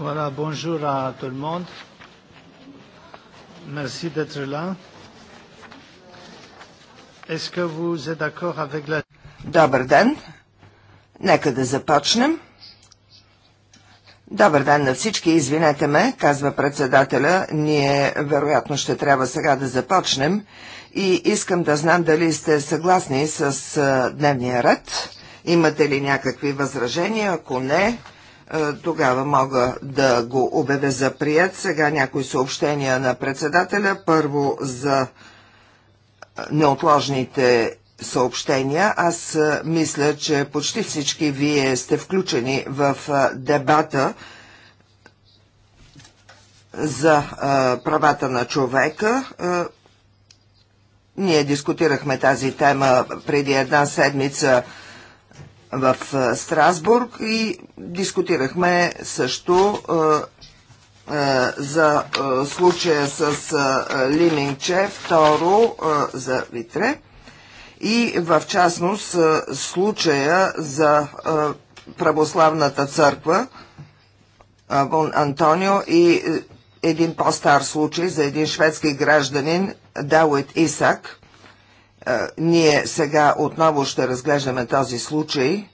Voilà, bonjour à tout le monde. Merci d'être là. Est-ce que vous êtes d'accord avec la... Добър ден! Нека да започнем. Добър ден на всички, извинете ме, казва председателя. Ние вероятно ще трябва сега да започнем и искам да знам дали сте съгласни с дневния ред. Имате ли някакви възражения? Ако не, е, тогава мога да го обявя за прият. Сега някои съобщения на председателя. Първо за е, неотложните съобщения. Аз е, мисля, че почти всички вие сте включени в дебата за правата на човека. Ние дискутирахме тази тема преди една седмица в Страсбург и дискутирахме също за случая с Лиминче, второ за Витре и в частност случая за православната църква Бон Антонио и един по-стар случай за един шведски гражданин Дауит Исак – ние сега отново ще разглеждаме този случай.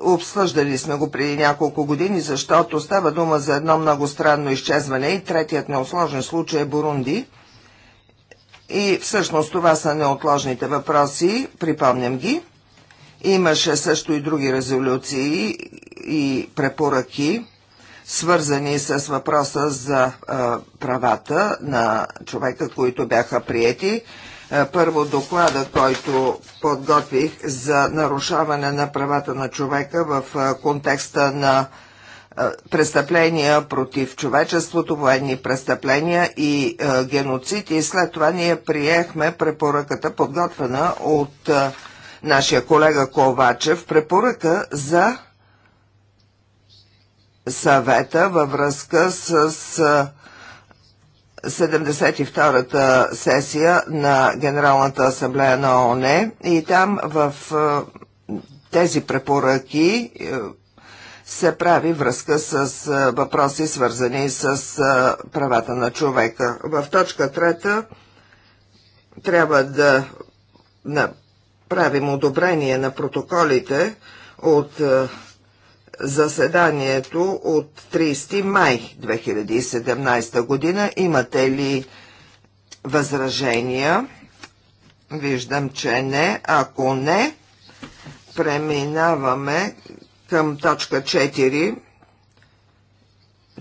Обсъждали сме го преди няколко години, защото става дума за едно много странно изчезване и третият неотложен случай е Бурунди. И всъщност това са неотложните въпроси, припомням ги. Имаше също и други резолюции и препоръки, свързани с въпроса за а, правата на човека, които бяха приети. Е, първо доклада, който подготвих за нарушаване на правата на човека в е, контекста на е, престъпления против човечеството, военни престъпления и геноцид. И след това ние приехме препоръката, подготвена от нашия колега Ковачев, препоръка за съвета във връзка с 72-та сесия на Генералната асамблея на ООН и там в е, тези препоръки е, се прави връзка с е, въпроси свързани с правата на човека. В точка трета трябва да правим одобрение на протоколите от заседанието от 30 май 2017 година. Имате ли възражения? Виждам, че не. Ако не, преминаваме към точка 4.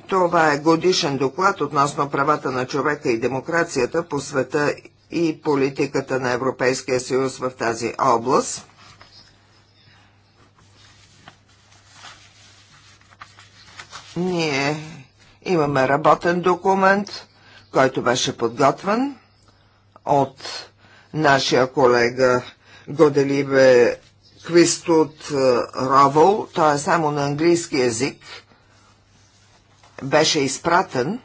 Това е годишен доклад относно правата на човека и демокрацията по света и политиката на Европейския съюз в тази област. Ние имаме работен документ, който беше подготвен от нашия колега Годелибе Квистот е, Ровол, той е само на английски язик, беше изпратен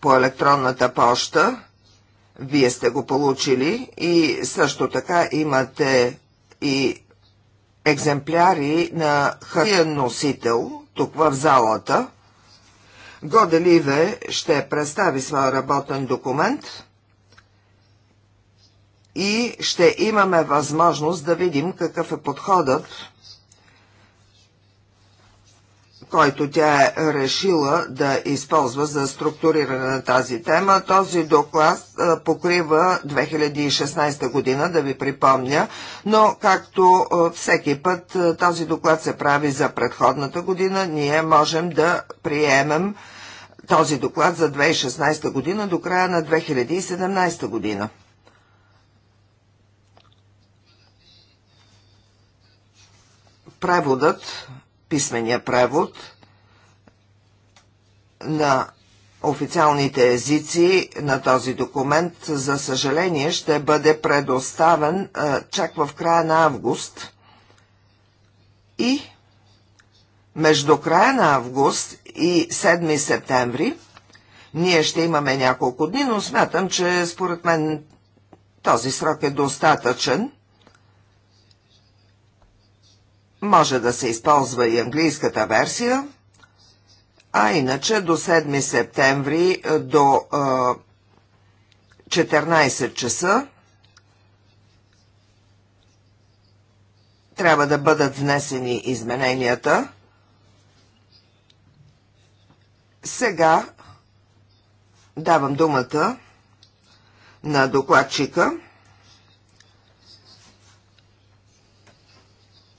по електронната поща. Вие сте го получили и също така имате и екземпляри на хартиен носител, тук в залата. Годеливе ще представи своя работен документ и ще имаме възможност да видим какъв е подходът който тя е решила да използва за структуриране на тази тема. Този доклад покрива 2016 година, да ви припомня, но както всеки път този доклад се прави за предходната година, ние можем да приемем този доклад за 2016 година до края на 2017 година. Преводът писмения превод на официалните езици на този документ, за съжаление, ще бъде предоставен чак в края на август. И между края на август и 7 септември ние ще имаме няколко дни, но смятам, че според мен този срок е достатъчен. Може да се използва и английската версия, а иначе до 7 септември до 14 часа трябва да бъдат внесени измененията. Сега давам думата на докладчика.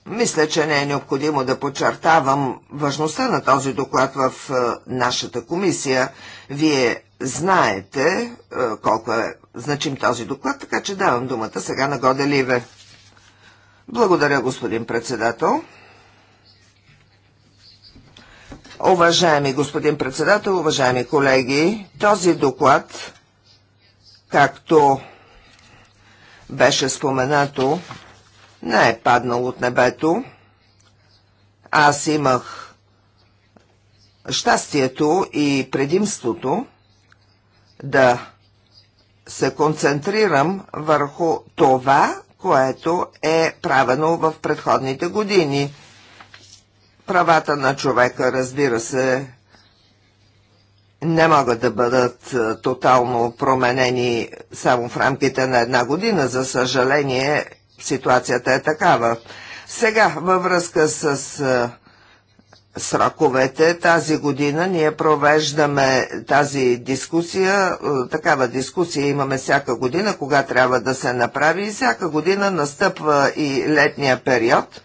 Мисля, че не е необходимо да подчертавам важността на този доклад в е, нашата комисия. Вие знаете е, колко е значим този доклад, така че давам думата сега на Годе Ливе. Благодаря, господин председател. Уважаеми господин председател, уважаеми колеги, този доклад, както беше споменато не е паднал от небето. Аз имах щастието и предимството да се концентрирам върху това, което е правено в предходните години. Правата на човека, разбира се, не могат да бъдат е, тотално променени само в рамките на една година. За съжаление, ситуацията е такава. Сега, във връзка с сроковете. Тази година ние провеждаме тази дискусия. Такава дискусия имаме всяка година, кога трябва да се направи. И всяка година настъпва и летния период.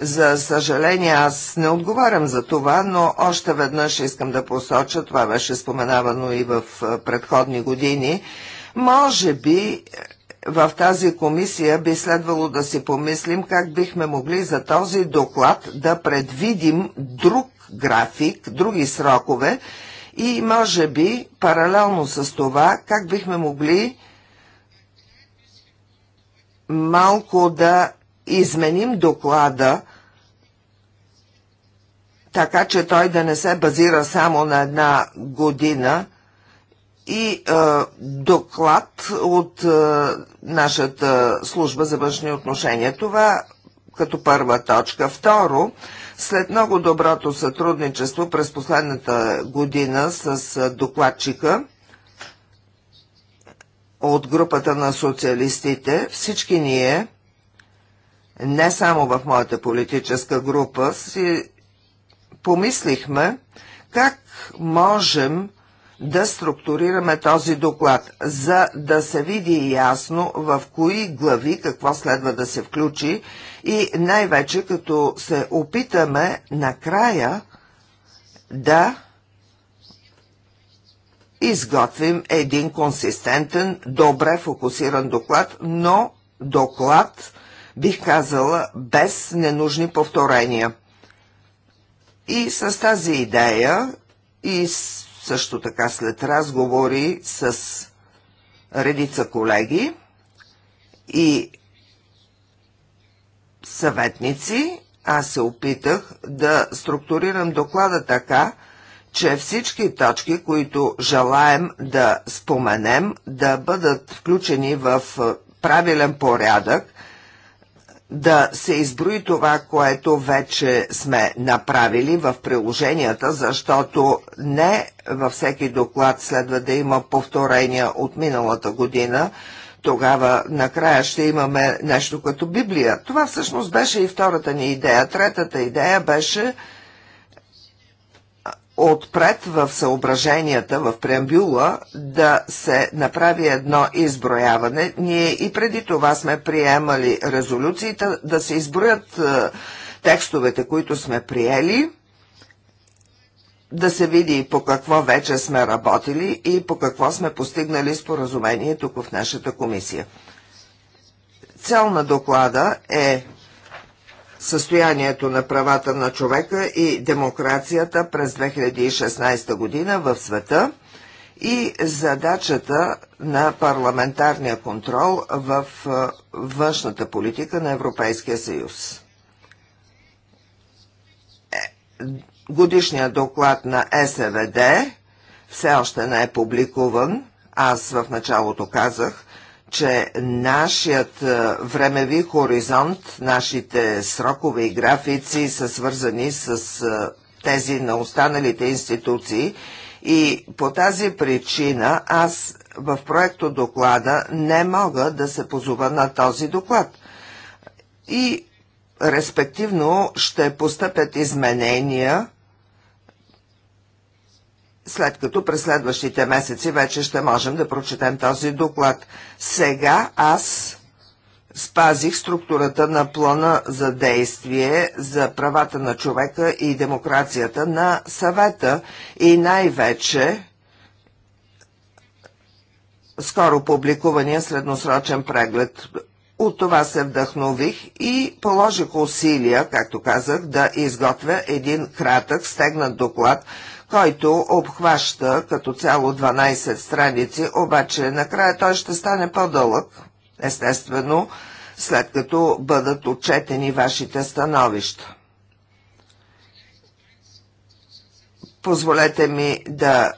За съжаление, аз не отговарям за това, но още веднъж искам да посоча, това беше споменавано и в предходни години, може би в тази комисия би следвало да си помислим как бихме могли за този доклад да предвидим друг график, други срокове и може би паралелно с това как бихме могли малко да изменим доклада, така че той да не се базира само на една година и е, доклад от е, нашата служба за външни отношения. Това като първа точка. Второ, след много доброто сътрудничество през последната година с докладчика от групата на социалистите, всички ние, не само в моята политическа група, си помислихме как можем да структурираме този доклад, за да се види ясно в кои глави какво следва да се включи и най-вече като се опитаме накрая да изготвим един консистентен, добре фокусиран доклад, но доклад, бих казала, без ненужни повторения. И с тази идея и с също така след разговори с редица колеги и съветници, аз се опитах да структурирам доклада така, че всички точки, които желаем да споменем, да бъдат включени в правилен порядък да се изброи това, което вече сме направили в приложенията, защото не във всеки доклад следва да има повторения от миналата година. Тогава накрая ще имаме нещо като Библия. Това всъщност беше и втората ни идея. Третата идея беше отпред в съображенията, в преамбюла, да се направи едно изброяване. Ние и преди това сме приемали резолюциите да се изброят е, текстовете, които сме приели, да се види по какво вече сме работили и по какво сме постигнали споразумение тук в нашата комисия. Цел на доклада е състоянието на правата на човека и демокрацията през 2016 година в света и задачата на парламентарния контрол в външната политика на Европейския съюз. Е, годишният доклад на СВД все още не е публикуван. Аз в началото казах, че нашият е, времеви хоризонт, нашите срокове и графици са свързани с е, тези на останалите институции и по тази причина аз в проекто доклада не мога да се позова на този доклад. И респективно ще постъпят изменения след като през следващите месеци вече ще можем да прочетем този доклад. Сега аз спазих структурата на плана за действие за правата на човека и демокрацията на съвета и най-вече скоро публикувания средносрочен преглед. От това се вдъхнових и положих усилия, както казах, да изготвя един кратък стегнат доклад, който обхваща като цяло 12 страници, обаче накрая той ще стане по-дълъг, естествено, след като бъдат отчетени вашите становища. Позволете ми да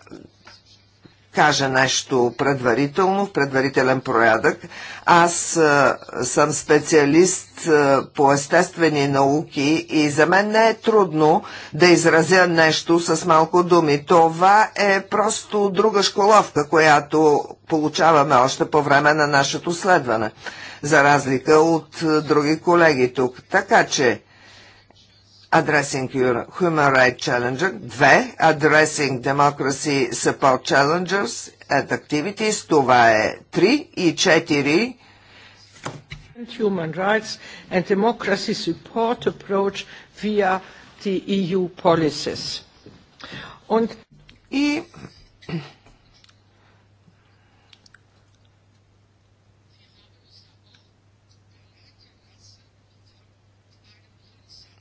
кажа нещо предварително, в предварителен проядък. Аз а, съм специалист а, по естествени науки и за мен не е трудно да изразя нещо с малко думи. Това е просто друга школовка, която получаваме още по време на нашето следване, за разлика от други колеги тук. Така че, Addressing Human Rights Challenger, 2. Addressing Democracy Support Challengers and Activities, това е 3 и 4. Human Rights and Democracy Support Approach via the EU Policies. Und и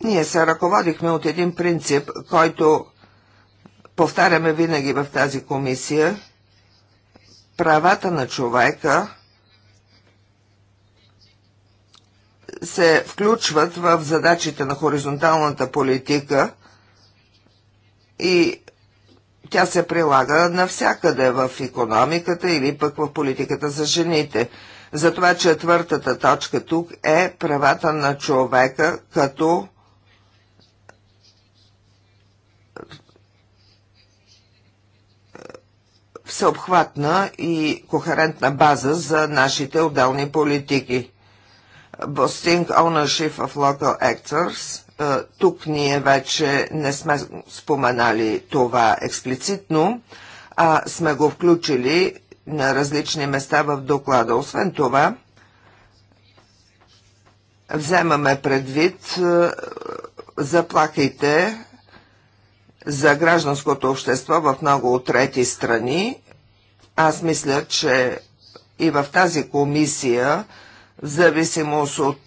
Ние се ръководихме от един принцип, който повтаряме винаги в тази комисия. Правата на човека се включват в задачите на хоризонталната политика и тя се прилага навсякъде в економиката или пък в политиката за жените. Затова четвъртата точка тук е правата на човека като всеобхватна и кохерентна база за нашите отделни политики. Boosting Ownership of Local Actors. Е, тук ние вече не сме споменали това експлицитно, а сме го включили на различни места в доклада. Освен това, вземаме предвид е, заплахите за гражданското общество в много от трети страни. Аз мисля, че и в тази комисия, в зависимост от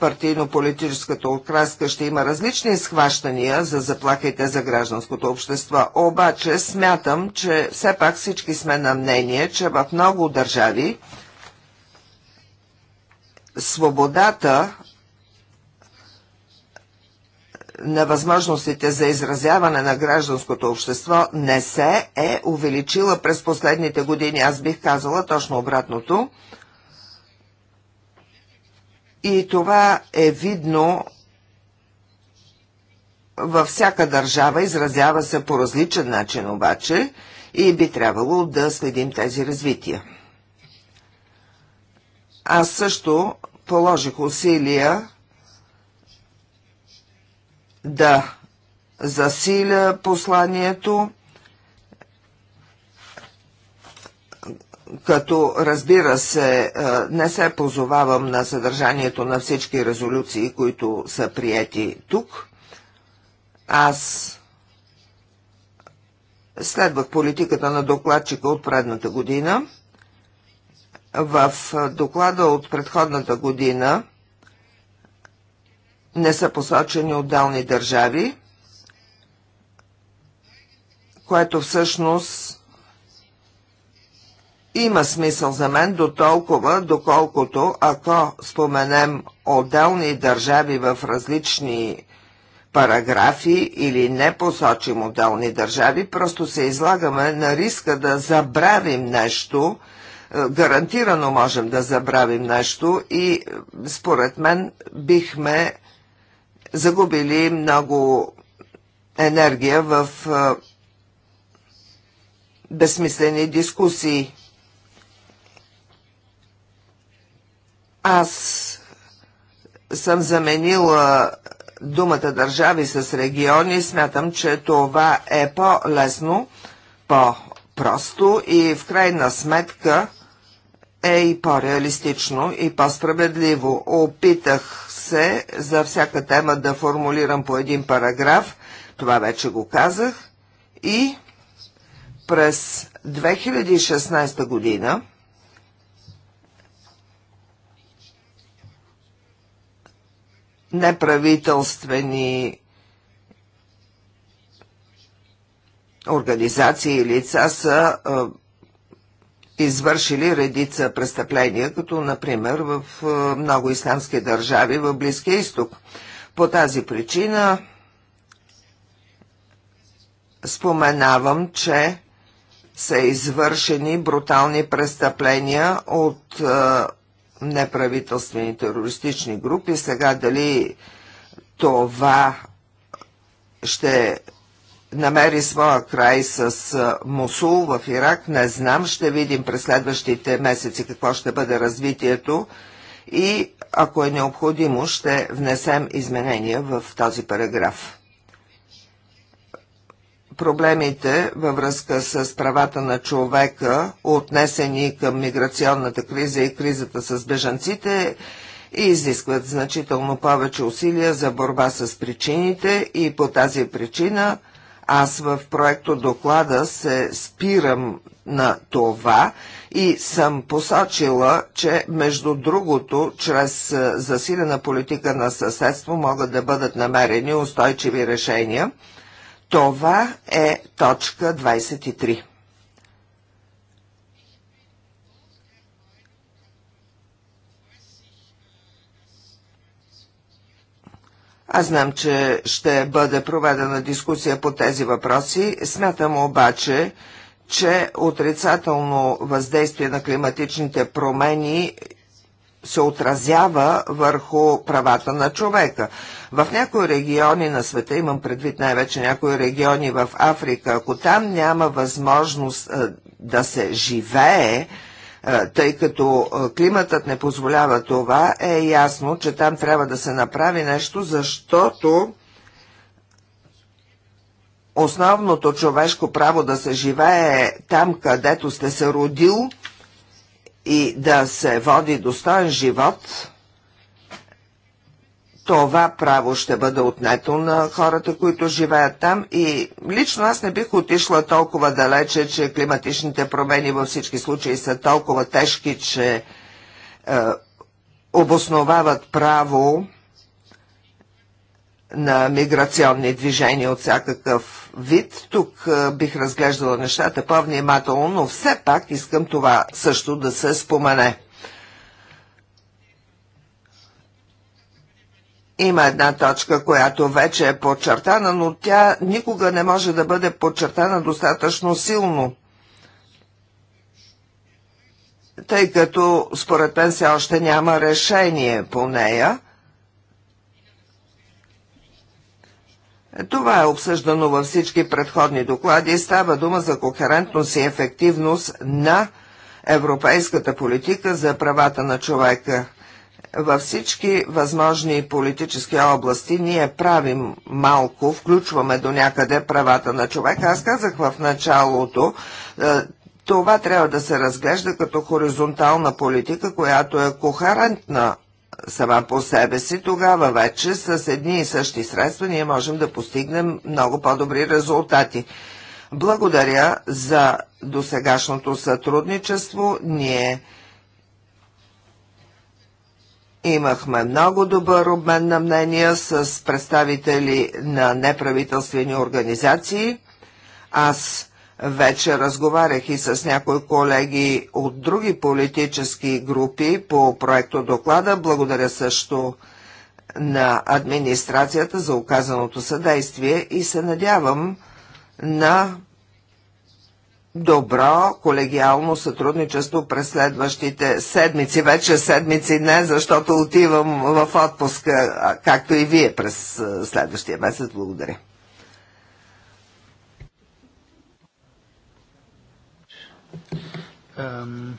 партийно-политическата окраска ще има различни схващания за заплахите за гражданското общество. Обаче смятам, че все пак всички сме на мнение, че в много държави свободата на възможностите за изразяване на гражданското общество не се е увеличила през последните години. Аз бих казала точно обратното. И това е видно във всяка държава, изразява се по различен начин обаче и би трябвало да следим тези развития. Аз също положих усилия да засиля посланието, като разбира се не се позовавам на съдържанието на всички резолюции, които са приети тук. Аз следвах политиката на докладчика от предната година. В доклада от предходната година не са посочени отделни държави, което всъщност има смисъл за мен до толкова, доколкото ако споменем отделни държави в различни параграфи или не посочим отделни държави, просто се излагаме на риска да забравим нещо, е, гарантирано можем да забравим нещо и е, според мен бихме загубили много енергия в безсмислени дискусии. Аз съм заменила думата държави с региони. Смятам, че това е по-лесно, по-просто и в крайна сметка е и по-реалистично и по-справедливо. Опитах се за всяка тема да формулирам по един параграф, това вече го казах, и през 2016 година неправителствени организации и лица са е, извършили редица престъпления, като например в е, много исламски държави в Близкия изток. По тази причина споменавам, че са извършени брутални престъпления от е, неправителствени терористични групи. Сега дали това ще намери своя край с Мусул в Ирак. Не знам, ще видим през следващите месеци какво ще бъде развитието и ако е необходимо, ще внесем изменения в този параграф. Проблемите във връзка с правата на човека, отнесени към миграционната криза и кризата с бежанците, и изискват значително повече усилия за борба с причините и по тази причина – аз в проекто доклада се спирам на това и съм посочила, че между другото, чрез е, засилена политика на съседство могат да бъдат намерени устойчиви решения. Това е точка 23. Аз знам, че ще бъде проведена дискусия по тези въпроси. Смятам обаче, че отрицателно въздействие на климатичните промени се отразява върху правата на човека. В някои региони на света, имам предвид най-вече някои региони в Африка, ако там няма възможност е, да се живее, е, тъй като е, климатът не позволява това, е ясно, че там трябва да се направи нещо, защото основното човешко право да се живее е там, където сте се родил и да се води достоен живот – това право ще бъде отнето на хората, които живеят там и лично аз не бих отишла толкова далече, че климатичните промени във всички случаи са толкова тежки, че е, обосновават право на миграционни движения от всякакъв вид. Тук е, бих разглеждала нещата по-внимателно, но все пак искам това също да се спомене. Има една точка, която вече е подчертана, но тя никога не може да бъде подчертана достатъчно силно тъй като според мен все още няма решение по нея. Това е обсъждано във всички предходни доклади. Става дума за кохерентност и ефективност на европейската политика за правата на човека във всички възможни политически области ние правим малко, включваме до някъде правата на човека. Аз казах в началото, е, това трябва да се разглежда като хоризонтална политика, която е кохерентна сама по себе си, тогава вече с едни и същи средства ние можем да постигнем много по-добри резултати. Благодаря за досегашното сътрудничество. Ние Имахме много добър обмен на мнения с представители на неправителствени организации. Аз вече разговарях и с някои колеги от други политически групи по проекто доклада. Благодаря също на администрацията за оказаното съдействие и се надявам на добро колегиално сътрудничество през следващите седмици. Вече седмици не, защото отивам в отпуска, както и вие през следващия месец. Благодаря. Um,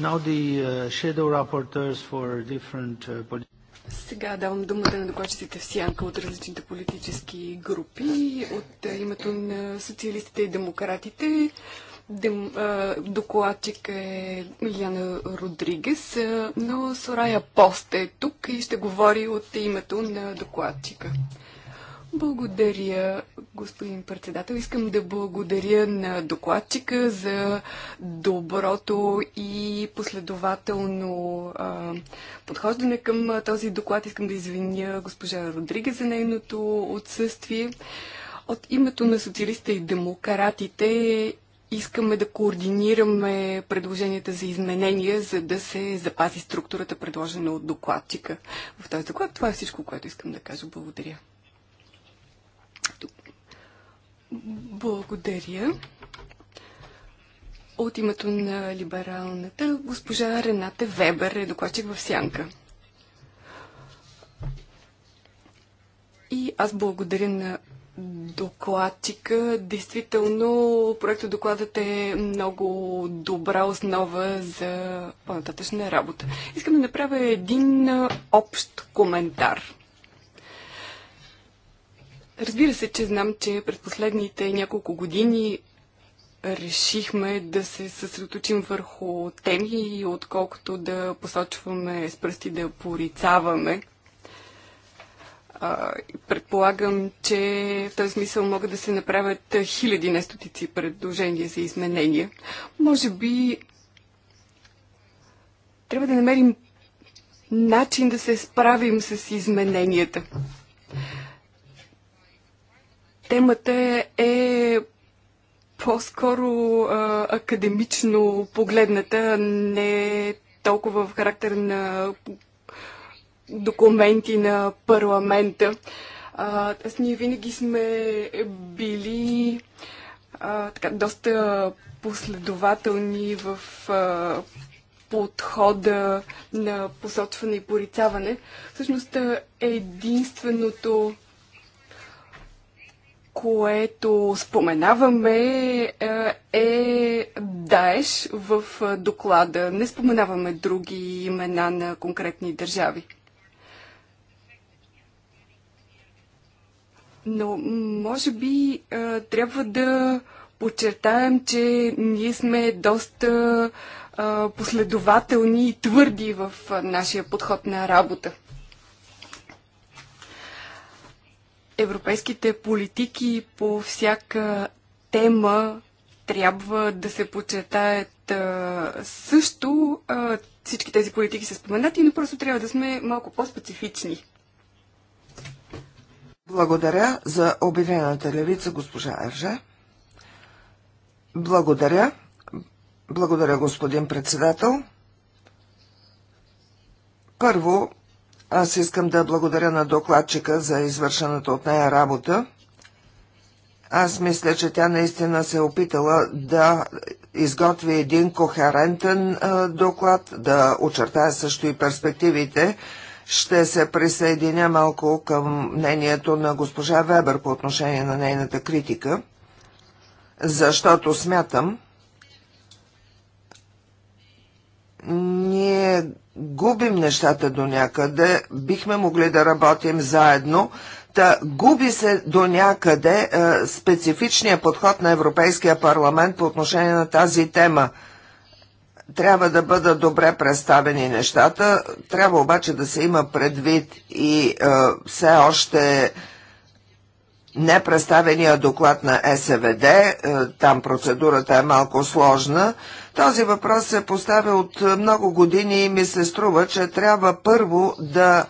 now the uh, shadow rapporteurs for different uh, political сега давам думата на докладчиците в сянка от различните политически групи. От името на социалистите и демократите Дем, а, докладчик е Ильяна Родригес, а, но Сорая Пост е тук и ще говори от името на докладчика. Благодаря, господин председател. Искам да благодаря на докладчика за доброто и последователно а, подхождане към този доклад. Искам да извиня госпожа Родрига за нейното отсъствие. От името на социалиста и демократите искаме да координираме предложенията за изменения, за да се запази структурата, предложена от докладчика. В този доклад това е всичко, което искам да кажа. Благодаря. Благодаря. От името на либералната госпожа Рената Вебер е докладчик в Сянка. И аз благодаря на докладчика. Действително, проектът докладът е много добра основа за по-нататъчна работа. Искам да направя един общ коментар. Разбира се, че знам, че през последните няколко години решихме да се съсредоточим върху теми и отколкото да посочваме с пръсти да порицаваме. Предполагам, че в този смисъл могат да се направят хиляди, не стотици предложения за изменения. Може би трябва да намерим начин да се справим с измененията. Темата е по-скоро академично погледната, не толкова в характер на документи на парламента. аз ние винаги сме били а, така, доста последователни в а, подхода на посочване и порицаване. Всъщност единственото което споменаваме е, е Даеш в доклада. Не споменаваме други имена на конкретни държави. Но може би е, трябва да подчертаем, че ние сме доста е, последователни и твърди в нашия подход на работа. европейските политики по всяка тема трябва да се почетаят а, също. А, всички тези политики са споменати, но просто трябва да сме малко по-специфични. Благодаря за обявената левица, госпожа Аржа. Благодаря. Благодаря, господин председател. Първо, аз искам да благодаря на докладчика за извършената от нея работа. Аз мисля, че тя наистина се е опитала да изготви един кохерентен доклад, да очертая също и перспективите. Ще се присъединя малко към мнението на госпожа Вебер по отношение на нейната критика, защото смятам, ние губим нещата до някъде, бихме могли да работим заедно, да губи се до някъде е, специфичния подход на Европейския парламент по отношение на тази тема. Трябва да бъдат добре представени нещата, трябва обаче да се има предвид и е, все още непредставения доклад на СВД, е, там процедурата е малко сложна, е, този въпрос се поставя от много години и ми се струва, че трябва първо да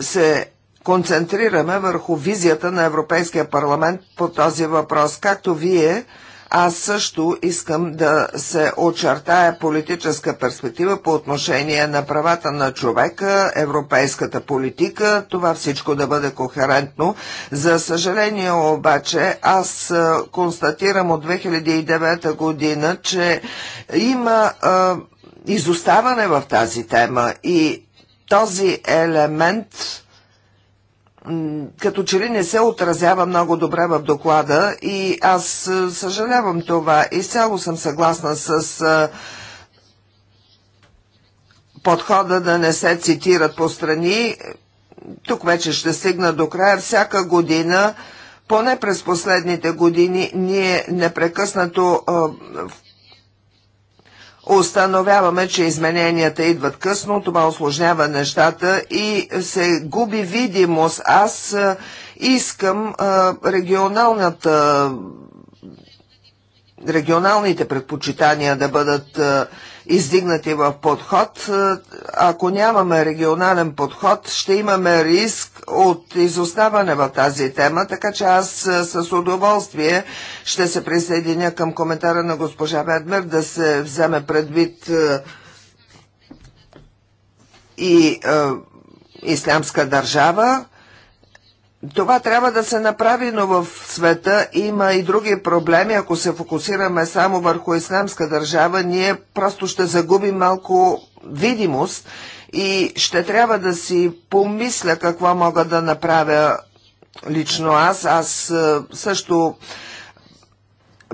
се концентрираме върху визията на Европейския парламент по този въпрос. Както вие аз също искам да се очертая политическа перспектива по отношение на правата на човека, европейската политика, това всичко да бъде кохерентно. За съжаление обаче, аз констатирам от 2009 година, че има а, изоставане в тази тема и този елемент като че ли не се отразява много добре в доклада и аз е, съжалявам това. Изцяло съм съгласна с е, подхода да не се цитират по страни. Тук вече ще стигна до края. Всяка година поне през последните години ние непрекъснато а, е, Установяваме, че измененията идват късно, това осложнява нещата и се губи видимост. Аз искам регионалната регионалните предпочитания да бъдат е, издигнати в подход. Е, ако нямаме регионален подход, ще имаме риск от изоставане в тази тема, така че аз е, с удоволствие ще се присъединя към коментара на госпожа Ведмер да се вземе предвид и е, ислямска държава това трябва да се направи, но в света има и други проблеми. Ако се фокусираме само върху исламска държава, ние просто ще загубим малко видимост и ще трябва да си помисля какво мога да направя лично аз. Аз е, също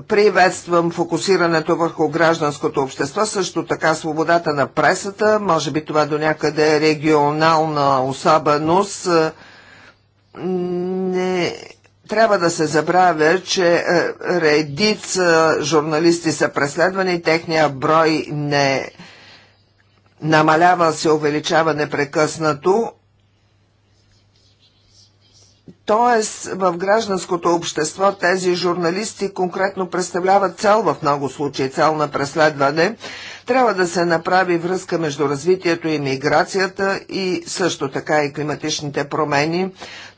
приветствам фокусирането върху гражданското общество, също така свободата на пресата, може би това до някъде е регионална особеност е, – не трябва да се забравя, че е, редица журналисти са преследвани, техния брой не намалява, се увеличава непрекъснато. Тоест, в гражданското общество тези журналисти конкретно представляват цел в много случаи, цел на преследване трябва да се направи връзка между развитието и миграцията и също така и климатичните промени.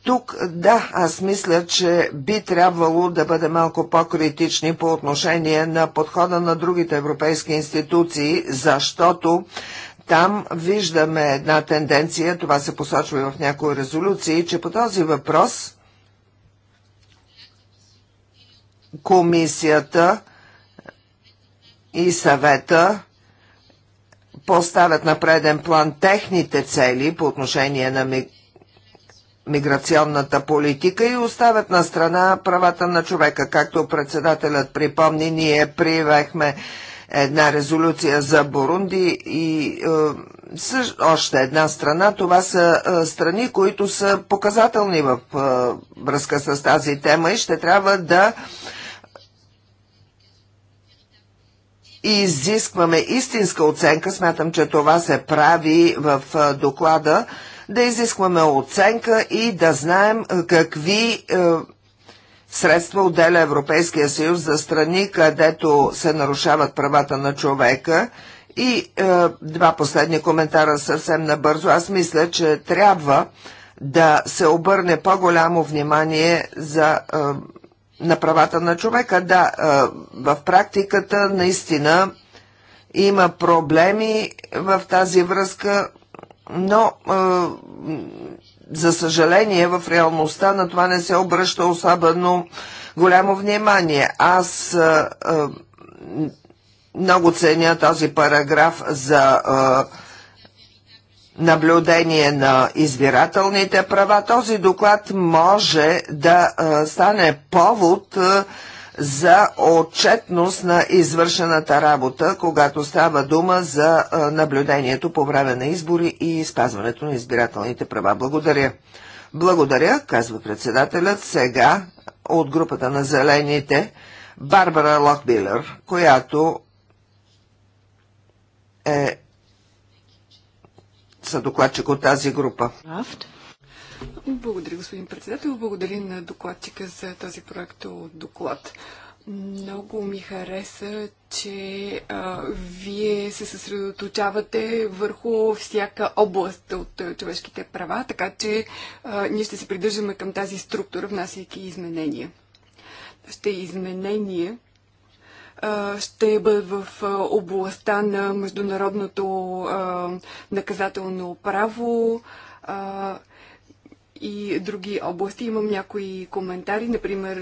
Тук, да, аз мисля, че би трябвало да бъде малко по-критични по отношение на подхода на другите европейски институции, защото там виждаме една тенденция, това се посочва и в някои резолюции, че по този въпрос комисията и съвета поставят на преден план техните цели по отношение на ми... миграционната политика и оставят на страна правата на човека. Както председателят припомни, ние приехме една резолюция за Бурунди и е, също, още една страна. Това са е, страни, които са показателни в е, връзка с тази тема и ще трябва да е, и изискваме истинска оценка, смятам, че това се прави в доклада, да изискваме оценка и да знаем какви средства отделя Европейския съюз за страни, където се нарушават правата на човека. И е, два последни коментара съвсем набързо. Аз мисля, че трябва да се обърне по-голямо внимание за е, на правата на човека. Да, в практиката наистина има проблеми в тази връзка, но за съжаление в реалността на това не се обръща особено голямо внимание. Аз много ценя този параграф за наблюдение на избирателните права, този доклад може да стане повод за отчетност на извършената работа, когато става дума за наблюдението по време на избори и спазването на избирателните права. Благодаря. Благодаря, казва председателят. Сега от групата на зелените Барбара Лохбилер, която е докладчик от тази група. Благодаря, господин председател. Благодаря на докладчика за този проект от доклад. Много ми хареса, че а, вие се съсредоточавате върху всяка област от а, човешките права, така че а, ние ще се придържаме към тази структура, внасяйки изменения. Ще изменения ще бъдат в областта на международното наказателно право и други области. Имам някои коментари. Например,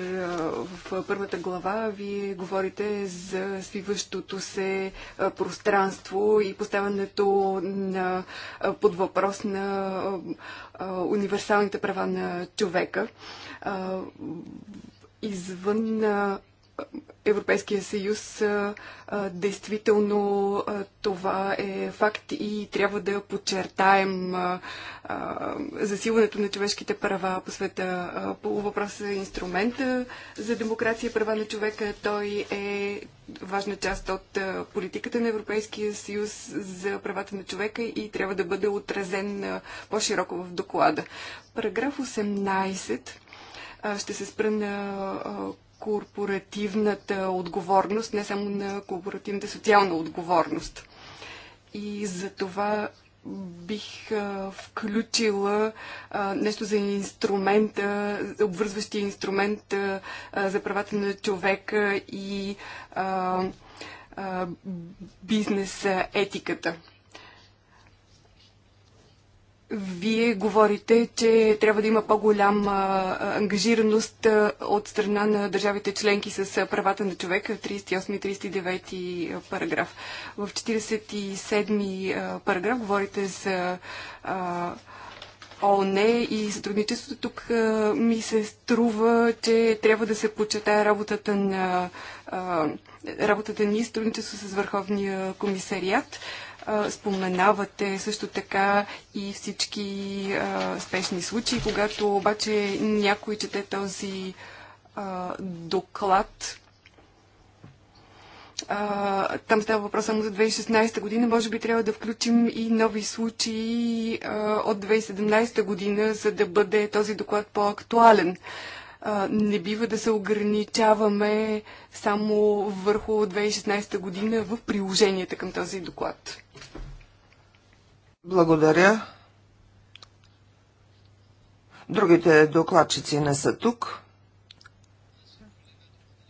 в първата глава вие говорите за свиващото се пространство и поставянето на под въпрос на универсалните права на човека. Извън Европейския съюз. Действително това е факт и трябва да подчертаем засилването на човешките права по света. По въпроса е инструмента за демокрация и права на човека. Той е важна част от политиката на Европейския съюз за правата на човека и трябва да бъде отразен по-широко в доклада. Параграф 18 ще се спра на корпоративната отговорност, не само на корпоративната социална отговорност. И за това бих а, включила а, нещо за инструмента, обвързващия инструмент а, за правата на човека и бизнес етиката. Вие говорите, че трябва да има по-голяма ангажираност от страна на държавите членки с правата на човека, 38 и 39 параграф. В 47 параграф говорите за ООН и сътрудничеството. Тук ми се струва, че трябва да се почетае работата на работата ни, сътрудничество с Върховния комисариат. Споменавате също така и всички спешни случаи. Когато обаче някой чете този доклад, там става въпрос само за 2016 година, може би трябва да включим и нови случаи от 2017 година, за да бъде този доклад по-актуален не бива да се ограничаваме само върху 2016 година в приложенията към този доклад. Благодаря. Другите докладчици не са тук.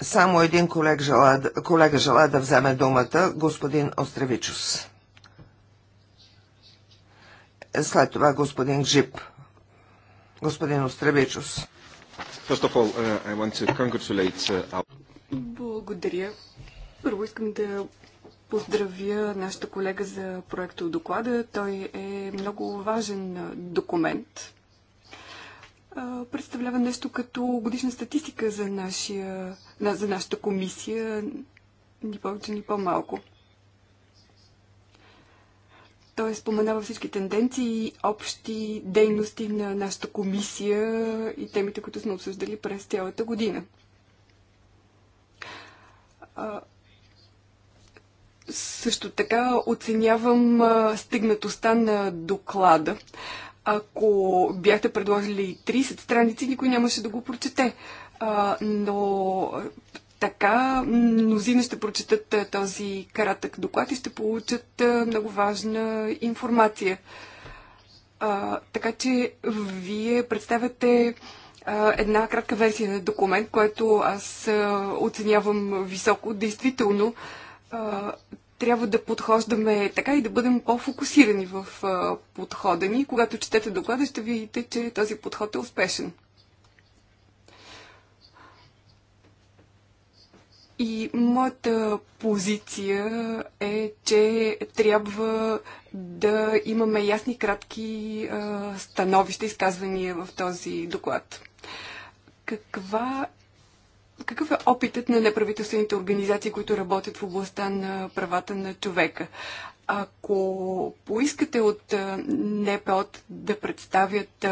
Само един колег жела, колега желая да вземе думата, господин Остревичус. След това господин Гжип. Господин Остревичус. Uh, uh, Благодаря. Първо искам да поздравя нашата колега за проекта от доклада. Той е много важен документ. Представлява нещо като годишна статистика за, нашия, за нашата комисия, ни повече, ни по-малко. Той споменава всички тенденции, общи дейности на нашата комисия и темите, които сме обсъждали през цялата година също така оценявам стигнатостта на доклада. Ако бяхте предложили 30 страници, никой нямаше да го прочете. но така мнозина ще прочетат този кратък доклад и ще получат много важна информация. така че вие представяте една кратка версия на документ, който аз оценявам високо. Действително, трябва да подхождаме така и да бъдем по-фокусирани в подхода ни. Когато четете доклада, ще видите, че този подход е успешен. И моята позиция е, че трябва да имаме ясни, кратки становища, изказвания в този доклад. Каква какъв е опитът на неправителствените организации, които работят в областта на правата на човека? Ако поискате от НПО да представят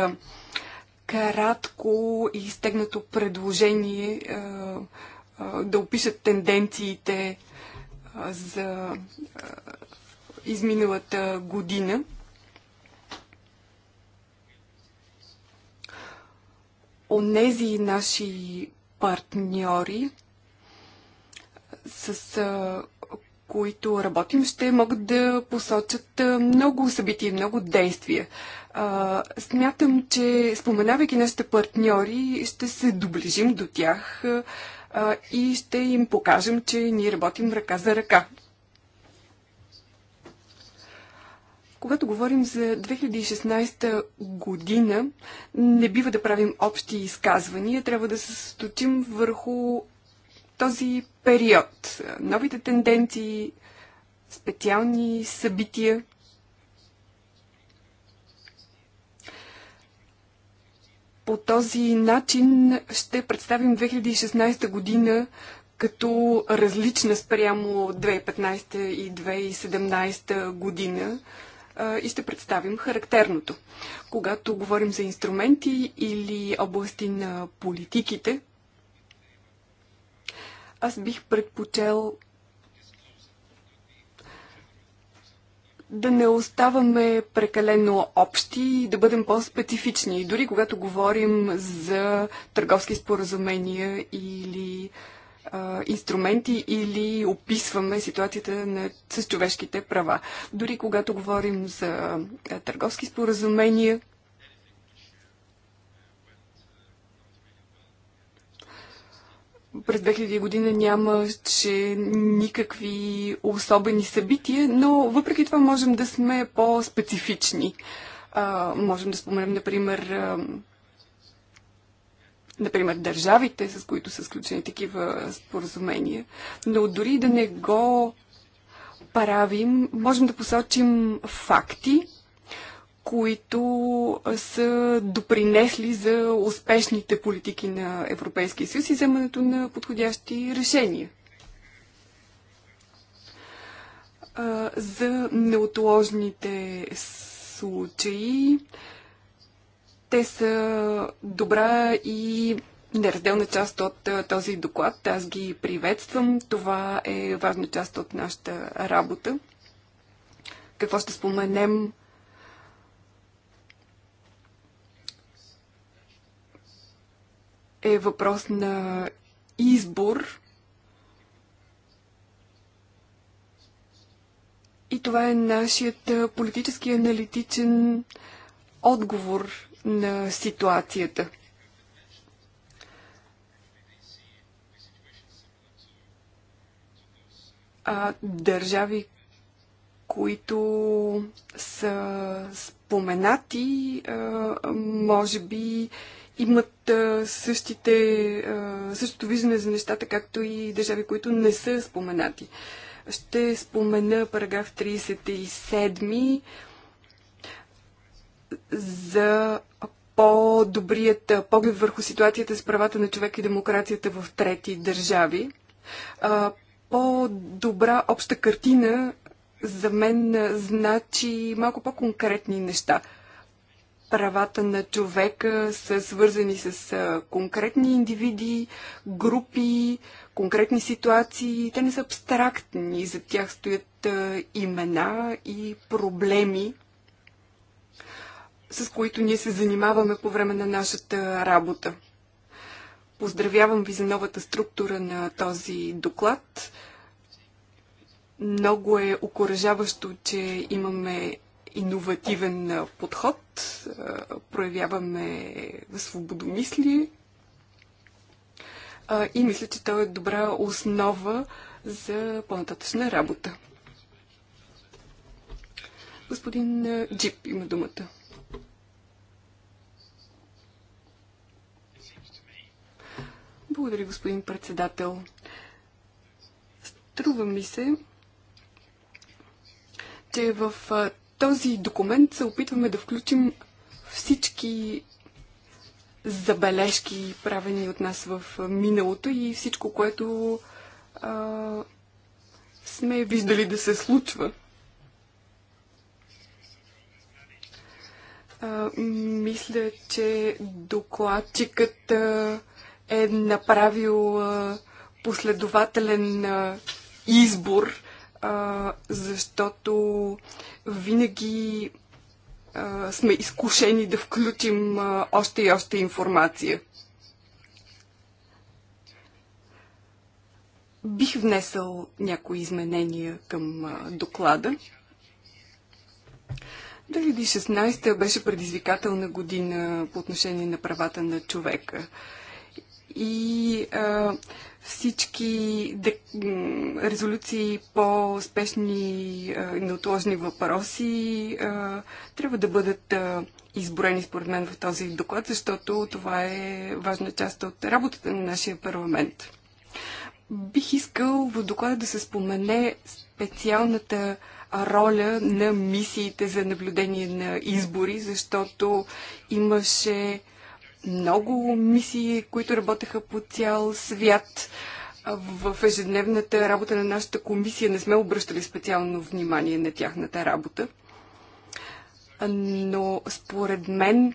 кратко и изтегнато предложение, да опишат тенденциите за изминалата година, онези наши партньори, с а, които работим, ще могат да посочат много събития, много действия. А, смятам, че споменавайки нашите партньори, ще се доближим до тях а, и ще им покажем, че ние работим ръка за ръка. Когато говорим за 2016 година, не бива да правим общи изказвания, трябва да се сточим върху този период. Новите тенденции, специални събития. По този начин ще представим 2016 година като различна спрямо 2015 и 2017 година и ще представим характерното. Когато говорим за инструменти или области на политиките, аз бих предпочел да не оставаме прекалено общи и да бъдем по-специфични, дори когато говорим за търговски споразумения или инструменти или описваме ситуацията на, с човешките права. Дори когато говорим за търговски споразумения, през 2000 година нямаше никакви особени събития, но въпреки това можем да сме по-специфични. можем да споменем, например, например, държавите, с които са сключени такива споразумения. Но дори да не го правим, можем да посочим факти, които са допринесли за успешните политики на Европейския съюз и вземането на подходящи решения. За неотложните случаи те са добра и неразделна част от този доклад. Аз ги приветствам. Това е важна част от нашата работа. Какво ще споменем? Е въпрос на избор. И това е нашият политически аналитичен отговор на ситуацията. А държави, които са споменати, може би имат същите, същото виждане за нещата, както и държави, които не са споменати. Ще спомена параграф 37 за по-добрият поглед върху ситуацията с правата на човек и демокрацията в трети държави. По-добра обща картина за мен значи малко по-конкретни неща. Правата на човека са свързани с конкретни индивиди, групи, конкретни ситуации. Те не са абстрактни. За тях стоят имена и проблеми, с които ние се занимаваме по време на нашата работа. Поздравявам ви за новата структура на този доклад. Много е окоръжаващо, че имаме иновативен подход, проявяваме свободомислие и мисля, че той е добра основа за по-нататъчна работа. Господин Джип има думата. Благодаря, господин председател. Струва ми се, че в този документ се опитваме да включим всички забележки, правени от нас в миналото и всичко, което а, сме виждали да се случва. А, мисля, че докладчикът а, е направил последователен избор, защото винаги сме изкушени да включим още и още информация. Бих внесъл някои изменения към доклада. 2016 беше предизвикателна година по отношение на правата на човека и а, всички дек... резолюции по спешни и неотложни въпроси а, трябва да бъдат а, изброени според мен в този доклад, защото това е важна част от работата на нашия парламент. Бих искал в доклада да се спомене специалната роля на мисиите за наблюдение на избори, защото имаше много мисии, които работеха по цял свят. В ежедневната работа на нашата комисия не сме обръщали специално внимание на тяхната работа. Но според мен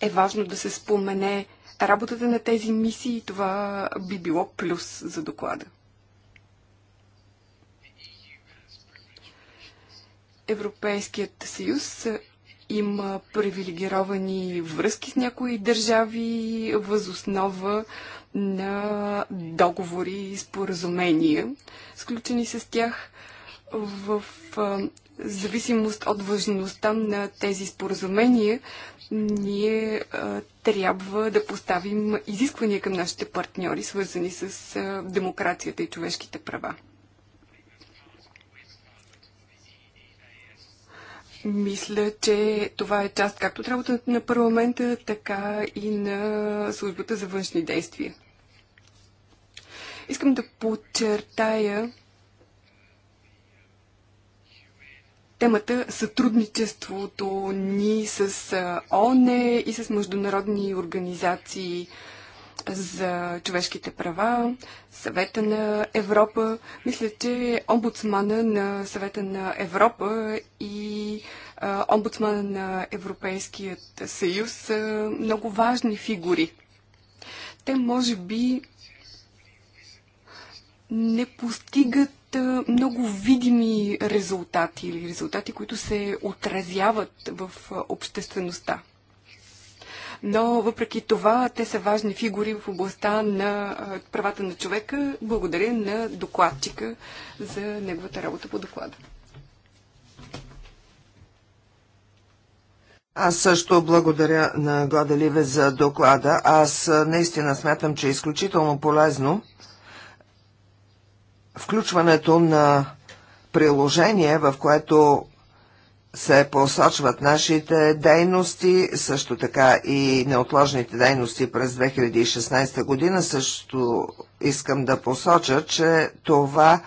е важно да се спомене работата на тези мисии и това би било плюс за доклада. Европейският съюз има привилегировани връзки с някои държави възоснова на договори и споразумения, сключени с тях в зависимост от важността на тези споразумения, ние а, трябва да поставим изисквания към нашите партньори, свързани с а, демокрацията и човешките права. Мисля, че това е част както от работата на парламента, така и на службата за външни действия. Искам да подчертая темата сътрудничеството ни с ОНЕ и с международни организации, за човешките права, съвета на Европа. Мисля, че омбудсмана на съвета на Европа и а, омбудсмана на Европейският съюз са много важни фигури. Те може би не постигат много видими резултати или резултати, които се отразяват в обществеността но въпреки това те са важни фигури в областта на правата на човека. Благодаря на докладчика за неговата работа по доклада. Аз също благодаря на гладеливе за доклада. Аз наистина смятам, че е изключително полезно включването на приложение, в което се посочват нашите дейности, също така и неотложните дейности през 2016 година. Също искам да посоча, че това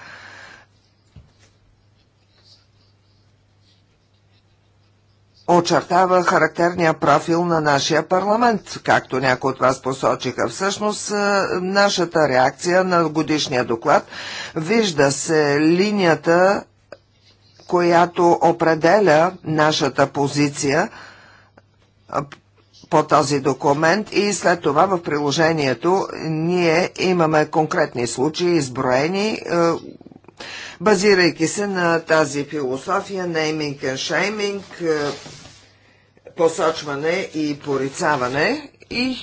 очертава характерния профил на нашия парламент, както някои от вас посочиха. Всъщност, е, нашата реакция на годишния доклад вижда се линията която определя нашата позиция по този документ и след това в приложението ние имаме конкретни случаи изброени, е, базирайки се на тази философия нейминг и шейминг, е, посочване и порицаване и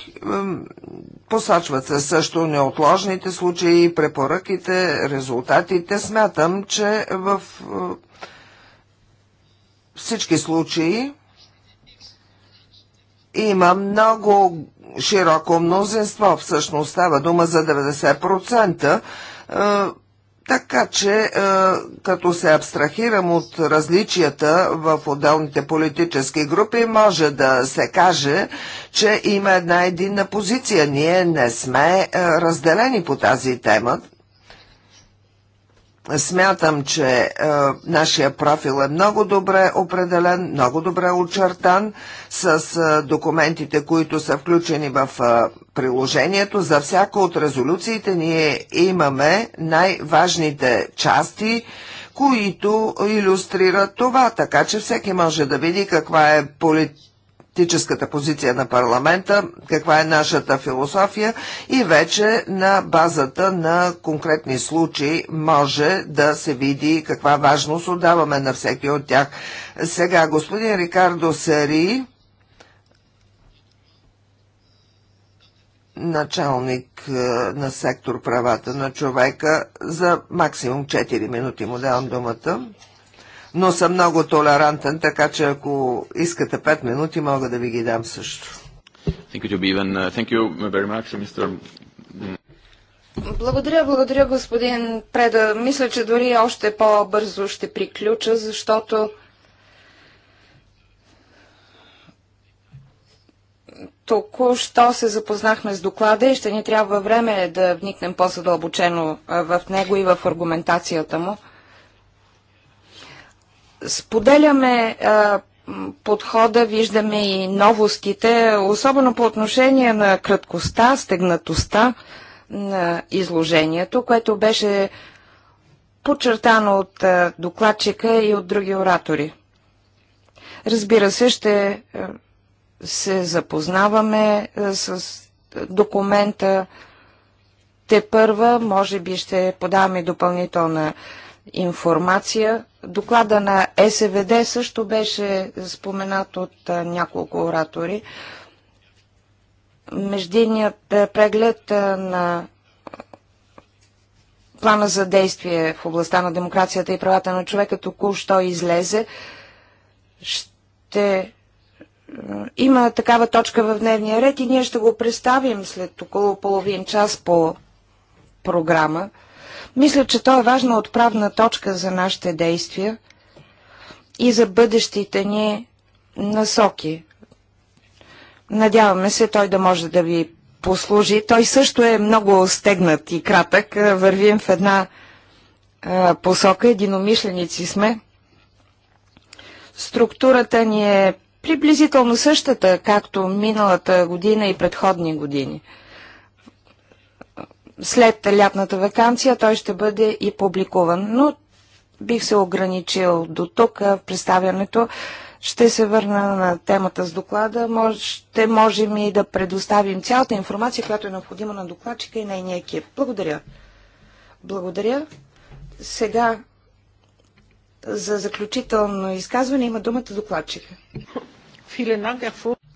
посочват се също неотложните случаи, препоръките, резултатите. Смятам, че в е, всички случаи има много широко мнозинство. Всъщност става дума за 90%. Е, така че, е, като се абстрахирам от различията в отделните политически групи, може да се каже, че има една единна позиция. Ние не сме е, разделени по тази тема. Смятам, че е, нашия профил е много добре определен, много добре очертан с е, документите, които са включени в е, приложението. За всяка от резолюциите ние имаме най-важните части, които иллюстрират това, така че всеки може да види каква е политика политическата позиция на парламента, каква е нашата философия и вече на базата на конкретни случаи може да се види каква важност отдаваме на всеки от тях. Сега господин Рикардо Сари, началник е, на сектор правата на човека, за максимум 4 минути му давам думата но съм много толерантен, така че ако искате 5 минути, мога да ви ги дам също. Uh, благодаря, благодаря, господин Преда. Мисля, че дори още по-бързо ще приключа, защото току-що се запознахме с доклада и ще ни трябва време да вникнем по-задълбочено в него и в аргументацията му. Споделяме подхода, виждаме и новостите, особено по отношение на краткостта, стегнатостта на изложението, което беше подчертано от докладчика и от други оратори. Разбира се, ще се запознаваме с документа те първа, може би ще подаваме допълнителна информация. Доклада на СВД също беше споменат от няколко оратори. Междинният преглед на плана за действие в областта на демокрацията и правата на човека току-що излезе. Ще има такава точка в дневния ред и ние ще го представим след около половин час по програма. Мисля, че то е важна отправна точка за нашите действия и за бъдещите ни насоки. Надяваме се той да може да ви послужи. Той също е много стегнат и кратък. Е, вървим в една а, е, посока. Единомишленици сме. Структурата ни е приблизително същата, както миналата година и предходни години – след лятната вакансия той ще бъде и публикуван. Но бих се ограничил до тук в представянето. Ще се върна на темата с доклада. ще можем и да предоставим цялата информация, която е необходима на докладчика и нейния екип. Благодаря. Благодаря. Сега за заключително изказване има думата докладчика.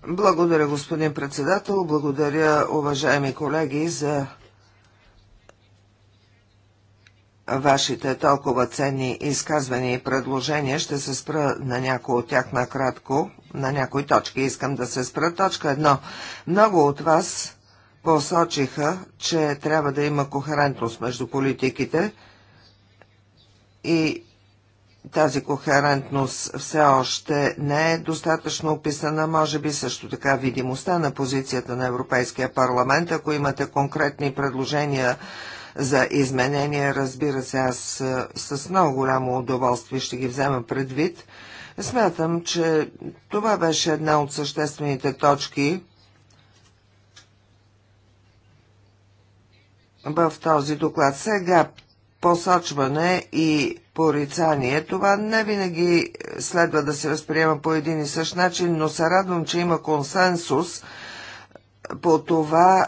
Благодаря, господин председател. Благодаря, уважаеми колеги, за вашите толкова ценни изказвания и предложения. Ще се спра на някои от тях накратко, на някои точки. Искам да се спра. Точка едно. Много от вас посочиха, че трябва да има кохерентност между политиките и тази кохерентност все още не е достатъчно описана, може би също така видимостта на позицията на Европейския парламент. Ако имате конкретни предложения за изменения. Разбира се, аз с много голямо удоволствие ще ги взема предвид. Смятам, че това беше една от съществените точки в този доклад. Сега посочване и порицание. Това не винаги следва да се разприема по един и същ начин, но се радвам, че има консенсус по това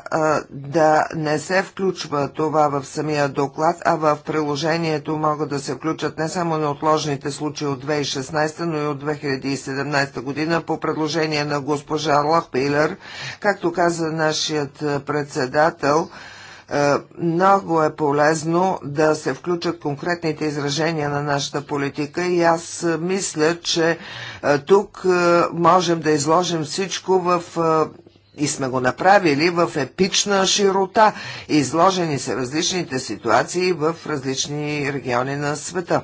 да не се включва това в самия доклад, а в приложението могат да се включат не само неотложните случаи от 2016, но и от 2017 година по предложение на госпожа Лохпилер. Както каза нашият председател, много е полезно да се включат конкретните изражения на нашата политика и аз мисля, че тук можем да изложим всичко в и сме го направили в епична широта. Изложени са различните ситуации в различни региони на света.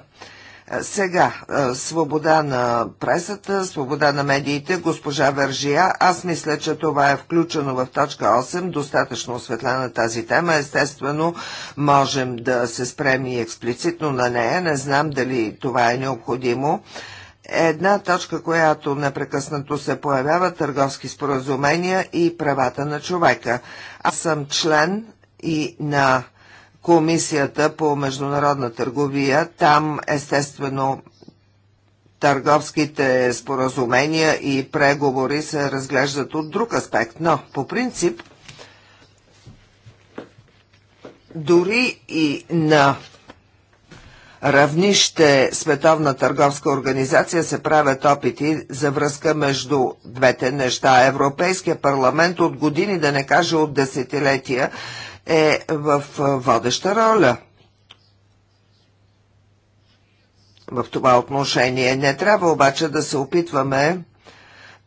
Сега, свобода на пресата, свобода на медиите, госпожа Вържия, аз мисля, че това е включено в точка 8, достатъчно осветлена тази тема. Естествено, можем да се спрем и експлицитно на нея, не знам дали това е необходимо една точка, която непрекъснато се появява търговски споразумения и правата на човека. Аз съм член и на Комисията по международна търговия. Там, естествено, търговските споразумения и преговори се разглеждат от друг аспект, но по принцип дори и на равнище Световна търговска организация се правят опити за връзка между двете неща. Европейския парламент от години, да не каже от десетилетия, е в водеща роля. В това отношение не трябва обаче да се опитваме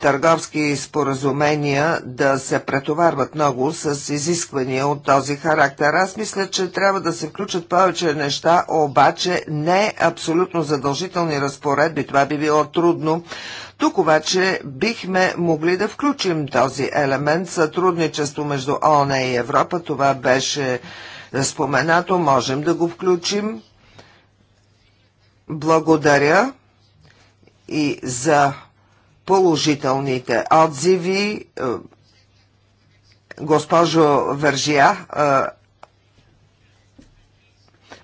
търговски споразумения да се претоварват много с изисквания от този характер. Аз мисля, че трябва да се включат повече неща, обаче не абсолютно задължителни разпоредби. Това би било трудно. Тук обаче бихме могли да включим този елемент сътрудничество между ООН и Европа. Това беше споменато. Можем да го включим. Благодаря и за положителните отзиви. Е, госпожо Вържия, е,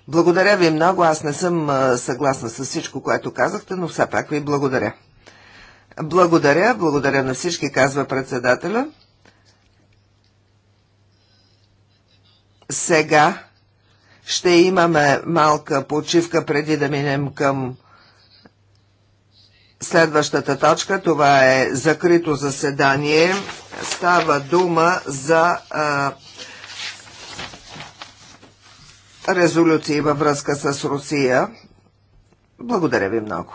благодаря ви много. Аз не съм е, съгласна с всичко, което казахте, но все пак ви благодаря. Благодаря, благодаря на всички, казва председателя. Сега ще имаме малка почивка преди да минем към следващата точка. Това е закрито заседание. Става дума за а, резолюции във връзка с Русия. Благодаря ви много.